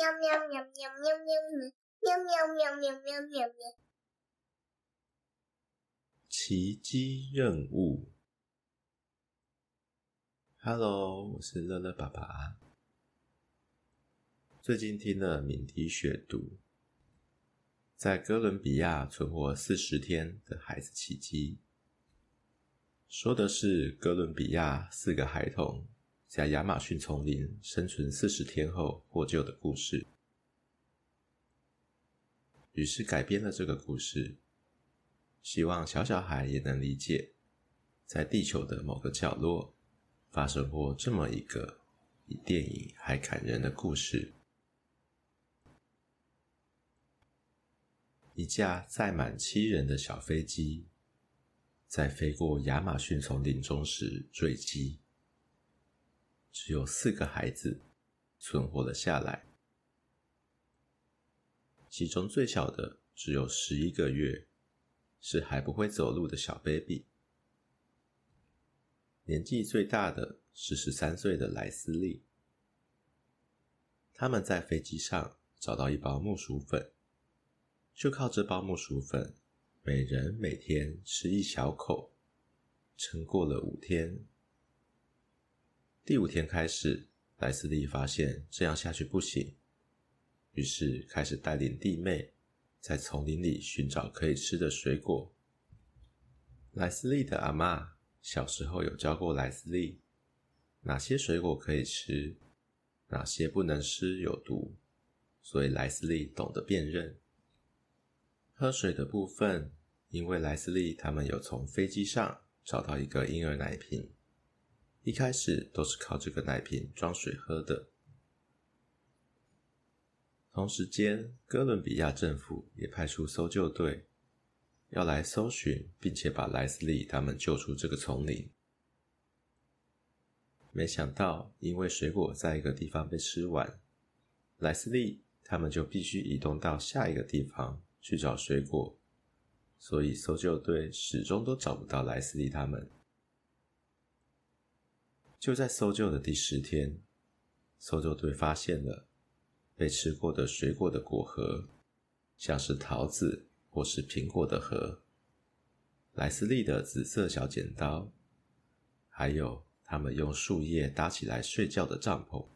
喵喵喵喵喵喵喵喵喵喵喵喵喵。奇蹟任務。Hello，我是樂樂爸爸。最近聽了《敏迪選讀》在哥倫比亞存活四十天的孩子奇蹟，說的是哥倫比亞四個孩童，在亞馬遜叢林生存四十天後獲救的故事，於是改編了這個故事，希望小小孩也能理解，在地球的某個角落，發生過這麼一個比電影還感人的故事：一架載滿七人的小飛機在飛過亞馬遜叢林中時墜機。只有四個孩子存活了下來，其中最小的只有十一個月，是還不會走路的小 baby。年紀最大的是十三歲的萊斯利。他們在飛機上找到一包木薯粉，就靠這包木薯粉，每人每天吃一小口，撐過了五天。第五天開始，萊斯利發現這樣下去不行，於是開始帶領弟妹在叢林裡尋找可以吃的水果。萊斯利的阿嬤小時候有教過萊斯利哪些水果可以吃，哪些不能吃、有毒，所以萊斯利懂得辨認。喝水的部分，因為萊斯利他們有從飛機上找到一個嬰兒奶瓶。一開始都是靠這個奶瓶裝水喝的。同時間，哥倫比亞政府也派出搜救隊，要來搜尋，並且把萊斯利他們救出這個叢林。沒想到，因為水果在一個地方被吃完，萊斯利他們就必須移動到下一個地方去找水果，所以搜救隊始終都找不到萊斯利他們。就在搜救的第十天，搜救隊發現了被吃過的水果的果核，像是桃子或是蘋果的核，萊斯利的紫色小剪刀，還有他們用樹葉搭起來睡覺的帳篷。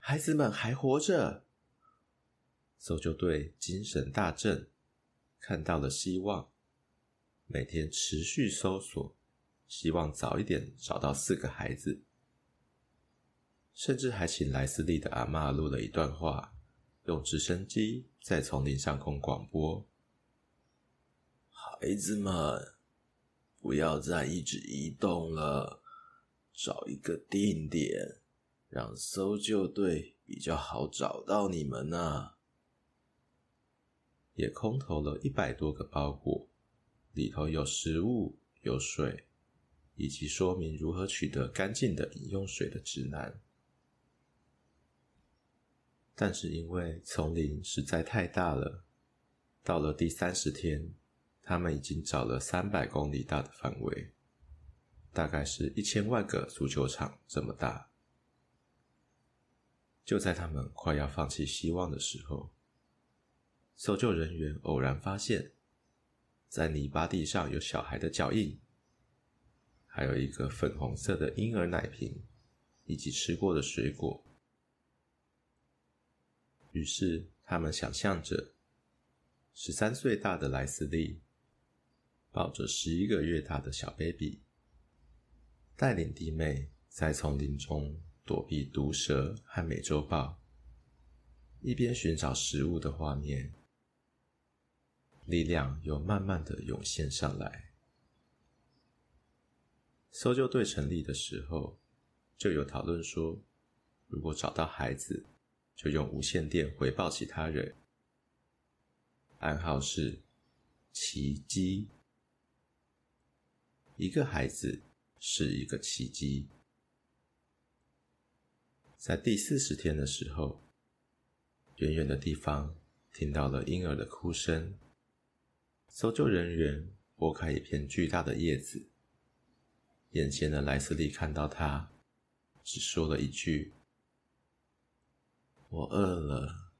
孩子們還活着，搜救隊精神大振，看到了希望，每天持續搜索。希望早一點找到四個孩子，甚至還請萊斯利的阿嬤錄了一段話，用直升機在叢林上空廣播：“孩子們，不要再一直移動了，找一個定點，讓搜救隊比較好找到你們吶、啊。”也空投了一百多個包裹，裡頭有食物，有水。以及說明如何取得乾淨的飲用水的指南。但是，因為叢林實在太大了，到了第三十天，他們已經找了三百公里大的範圍，大概是一千萬個足球場這麼大。就在他們快要放棄希望的時候，搜救人員偶然發現，在泥巴地上有小孩的腳印。還有一個粉紅色的嬰兒奶瓶，以及吃過的水果。於是，他們想象着十三歲大的萊斯利抱着十一個月大的小 baby，帶領弟妹在叢林中躲避毒蛇和美洲豹，一邊尋找食物的畫面，力量又慢慢的湧現上來。搜救隊成立的時候，就有討論說，如果找到孩子，就用無線電回報其他人，暗號是“奇蹟”。一個孩子是一個奇蹟。在第四十天的時候，遠遠的地方聽到了嬰兒的哭聲。搜救人員撥開一片巨大的葉子。眼前的萊斯利看到他，只說了一句：“我餓了。”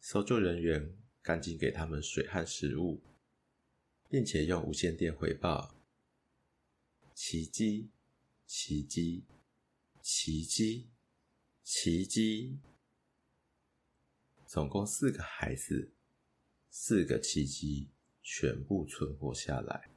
搜救人員趕緊給他們水和食物，並且用無線電回報：“奇蹟，奇蹟，奇蹟，奇蹟！”總共四個孩子，四個奇蹟，全部存活下來。